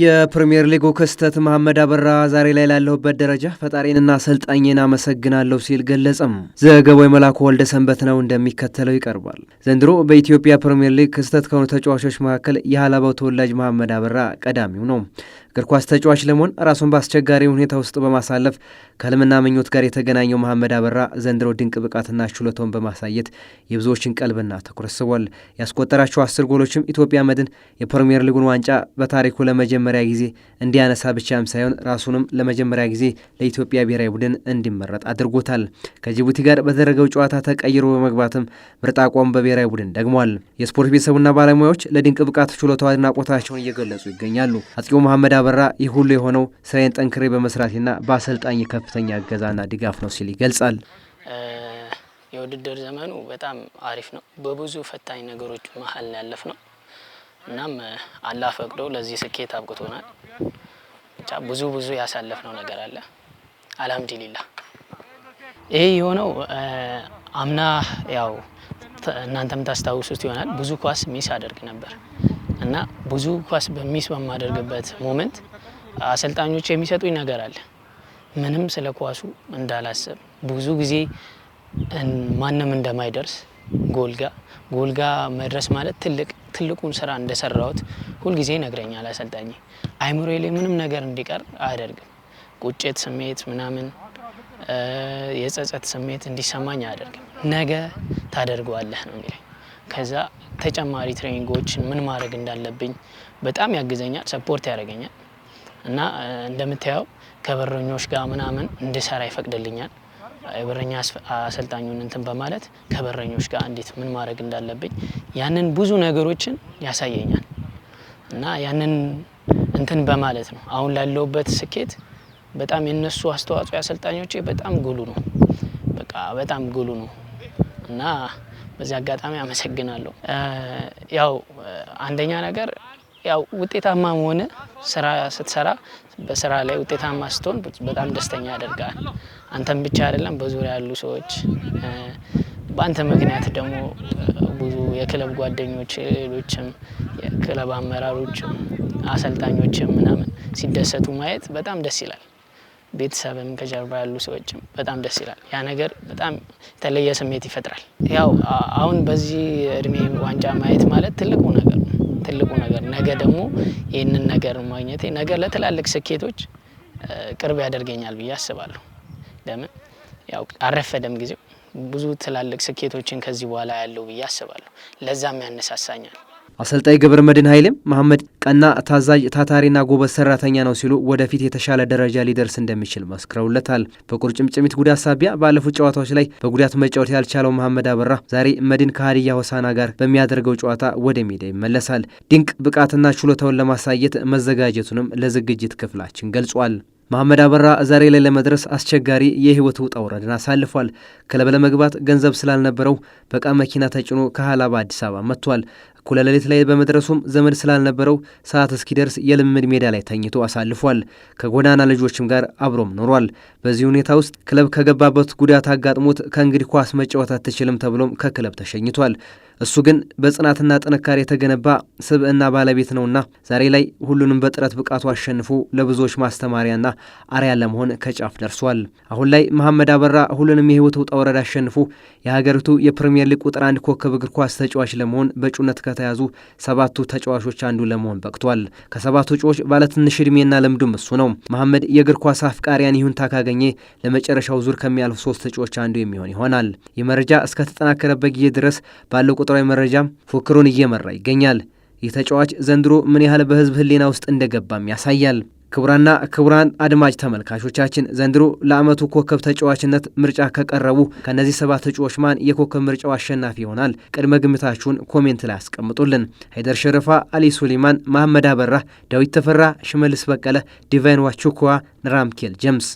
የፕሪምየር ሊጉ ክስተት መሐመድ አበራ ዛሬ ላይ ላለሁበት ደረጃ ፈጣሪንና አሰልጣኝን አመሰግናለሁ ሲል ገለጸም። ዘገባው የመላኩ ወልደ ሰንበት ነው፣ እንደሚከተለው ይቀርባል። ዘንድሮ በኢትዮጵያ ፕሪምየር ሊግ ክስተት ከሆኑ ተጫዋቾች መካከል የሀላባው ተወላጅ መሐመድ አበራ ቀዳሚው ነው። እግር ኳስ ተጫዋች ለመሆን ራሱን በአስቸጋሪ ሁኔታ ውስጥ በማሳለፍ ከህልምና ምኞት ጋር የተገናኘው መሐመድ አበራ ዘንድሮ ድንቅ ብቃትና ችሎታውን በማሳየት የብዙዎችን ቀልብና ትኩረት ስቧል። ያስቆጠራቸው አስር ጎሎችም ኢትዮጵያ መድን የፕሪምየር ሊጉን ዋንጫ በታሪኩ ለመጀመሪያ ጊዜ እንዲያነሳ ብቻም ሳይሆን ራሱንም ለመጀመሪያ ጊዜ ለኢትዮጵያ ብሔራዊ ቡድን እንዲመረጥ አድርጎታል። ከጅቡቲ ጋር በተደረገው ጨዋታ ተቀይሮ በመግባትም ምርጥ አቋሙ በብሔራዊ ቡድን ደግሟል። የስፖርት ቤተሰቡና ባለሙያዎች ለድንቅ ብቃት ችሎታው አድናቆታቸውን እየገለጹ ይገኛሉ። አጥቂው መሐመድ አበራ ይህ ሁሉ የሆነው ስራዬን ጠንክሬ በመስራቴና በአሰልጣኝ የከፍተኛ እገዛና ድጋፍ ነው ሲል ይገልጻል። የውድድር ዘመኑ በጣም አሪፍ ነው። በብዙ ፈታኝ ነገሮች መሀል ያለፍ ነው። እናም አላህ ፈቅዶ ለዚህ ስኬት አብቅቶናል። ብቻ ብዙ ብዙ ያሳለፍነው ነገር አለ። አልሐምዱሊላህ ይህ የሆነው አምና ያው እናንተም ታስታውሱት ይሆናል ብዙ ኳስ ሚስ አደርግ ነበር እና ብዙ ኳስ በሚስ በማደርግበት ሞመንት አሰልጣኞች የሚሰጡኝ ነገር አለ። ምንም ስለ ኳሱ እንዳላስብ ብዙ ጊዜ ማንም እንደማይደርስ ጎልጋ ጎልጋ መድረስ ማለት ትልቅ ትልቁን ስራ እንደሰራሁት ሁልጊዜ ይነግረኛል አሰልጣኝ። አይምሮ ላይ ምንም ነገር እንዲቀር አያደርግም። ቁጭት ስሜት ምናምን የጸጸት ስሜት እንዲሰማኝ አያደርግም። ነገ ታደርገዋለህ ነው የሚለኝ። ከዛ ተጨማሪ ትሬኒንጎችን ምን ማድረግ እንዳለብኝ በጣም ያግዘኛል፣ ሰፖርት ያደርገኛል እና እንደምታየው ከበረኞች ጋር ምናምን እንድሰራ ይፈቅድልኛል። የበረኛ አሰልጣኙን እንትን በማለት ከበረኞች ጋር እንዴት ምን ማድረግ እንዳለብኝ ያንን ብዙ ነገሮችን ያሳየኛል እና ያንን እንትን በማለት ነው አሁን ላለውበት ስኬት በጣም የነሱ አስተዋጽኦ የአሰልጣኞቼ በጣም ጉሉ ነው። በቃ በጣም ጉሉ ነው እና በዚህ አጋጣሚ አመሰግናለሁ። ያው አንደኛ ነገር ያው ውጤታማ መሆን ስራ ስትሰራ በስራ ላይ ውጤታማ ስትሆን በጣም ደስተኛ ያደርጋል። አንተም ብቻ አይደለም በዙሪያ ያሉ ሰዎች በአንተ ምክንያት ደግሞ ብዙ የክለብ ጓደኞች፣ ሌሎችም የክለብ አመራሮችም፣ አሰልጣኞችም ምናምን ሲደሰቱ ማየት በጣም ደስ ይላል። ቤተሰብም ከጀርባ ያሉ ሰዎችም በጣም ደስ ይላል። ያ ነገር በጣም የተለየ ስሜት ይፈጥራል። ያው አሁን በዚህ እድሜ ዋንጫ ማየት ማለት ትልቁ ነገር ነው ትልቁ ነገር ነገ ደግሞ ይህንን ነገር ማግኘቴ ነገ ለትላልቅ ስኬቶች ቅርብ ያደርገኛል ብዬ አስባለሁ። ለምን ያው አረፈደም ጊዜው ብዙ ትላልቅ ስኬቶችን ከዚህ በኋላ ያለው ብዬ አስባለሁ። ለዛም ያነሳሳኛል። አሰልጣኝ ገብረ መድን ኃይሌም መሐመድ ቀና፣ ታዛዥ፣ ታታሪና ጎበዝ ሰራተኛ ነው ሲሉ ወደፊት የተሻለ ደረጃ ሊደርስ እንደሚችል መስክረውለታል። በቁርጭምጭሚት ጉዳት ሳቢያ ባለፉት ጨዋታዎች ላይ በጉዳት መጫወት ያልቻለው መሐመድ አበራ ዛሬ መድን ከሀዲያ ሆሳና ጋር በሚያደርገው ጨዋታ ወደ ሜዳ ይመለሳል። ድንቅ ብቃትና ችሎታውን ለማሳየት መዘጋጀቱንም ለዝግጅት ክፍላችን ገልጿል። መሐመድ አበራ ዛሬ ላይ ለመድረስ አስቸጋሪ የህይወት ውጣ ውረድን አሳልፏል። ክለብ ለመግባት ገንዘብ ስላልነበረው በቃ መኪና ተጭኖ ከሀላባ አዲስ አበባ መጥቷል። እኩለ ሌሊት ላይ በመድረሱም ዘመድ ስላልነበረው ሰዓት እስኪደርስ የልምምድ ሜዳ ላይ ተኝቶ አሳልፏል። ከጎዳና ልጆችም ጋር አብሮም ኖሯል። በዚህ ሁኔታ ውስጥ ክለብ ከገባበት ጉዳት አጋጥሞት ከእንግዲህ ኳስ መጫወት አትችልም ተብሎም ከክለብ ተሸኝቷል። እሱ ግን በጽናትና ጥንካሬ የተገነባ ስብዕና ባለቤት ነውና ዛሬ ላይ ሁሉንም በጥረት ብቃቱ አሸንፎ ለብዙዎች ማስተማሪያና አርያ ለመሆን ከጫፍ ደርሷል። አሁን ላይ መሐመድ አበራ ሁሉንም የህይወት ውጣ ውረድ አሸንፎ የሀገሪቱ የፕሪምየር ሊግ ቁጥር አንድ ኮከብ እግር ኳስ ተጫዋች ለመሆን በእጩነት ከተያዙ ሰባቱ ተጫዋቾች አንዱ ለመሆን በቅቷል። ከሰባቱ እጩዎች ባለትንሽ እድሜና ልምዱም እሱ ነው። መሐመድ የእግር ኳስ አፍቃሪያን ይሁንታ ካገኘ ለመጨረሻው ዙር ከሚያልፉ ሶስት እጩዎች አንዱ የሚሆን ይሆናል። ይህ መረጃ እስከተጠናከረበት ጊዜ ድረስ ባለው ቁጥራዊ መረጃም ፉክሩን እየመራ ይገኛል። ይህ ተጫዋች ዘንድሮ ምን ያህል በህዝብ ህሊና ውስጥ እንደገባም ያሳያል። ክቡራና ክቡራን አድማጭ ተመልካቾቻችን ዘንድሮ ለዓመቱ ኮከብ ተጫዋችነት ምርጫ ከቀረቡ ከእነዚህ ሰባት ተጫዋች ማን የኮከብ ምርጫው አሸናፊ ይሆናል? ቅድመ ግምታችሁን ኮሜንት ላይ አስቀምጡልን። ሀይደር ሸረፋ፣ አሊ ሱሊማን፣ መሐመድ አበራ፣ ዳዊት ተፈራ፣ ሽመልስ በቀለ፣ ዲቫይን ዋቹኩዋ፣ ራምኬል ጀምስ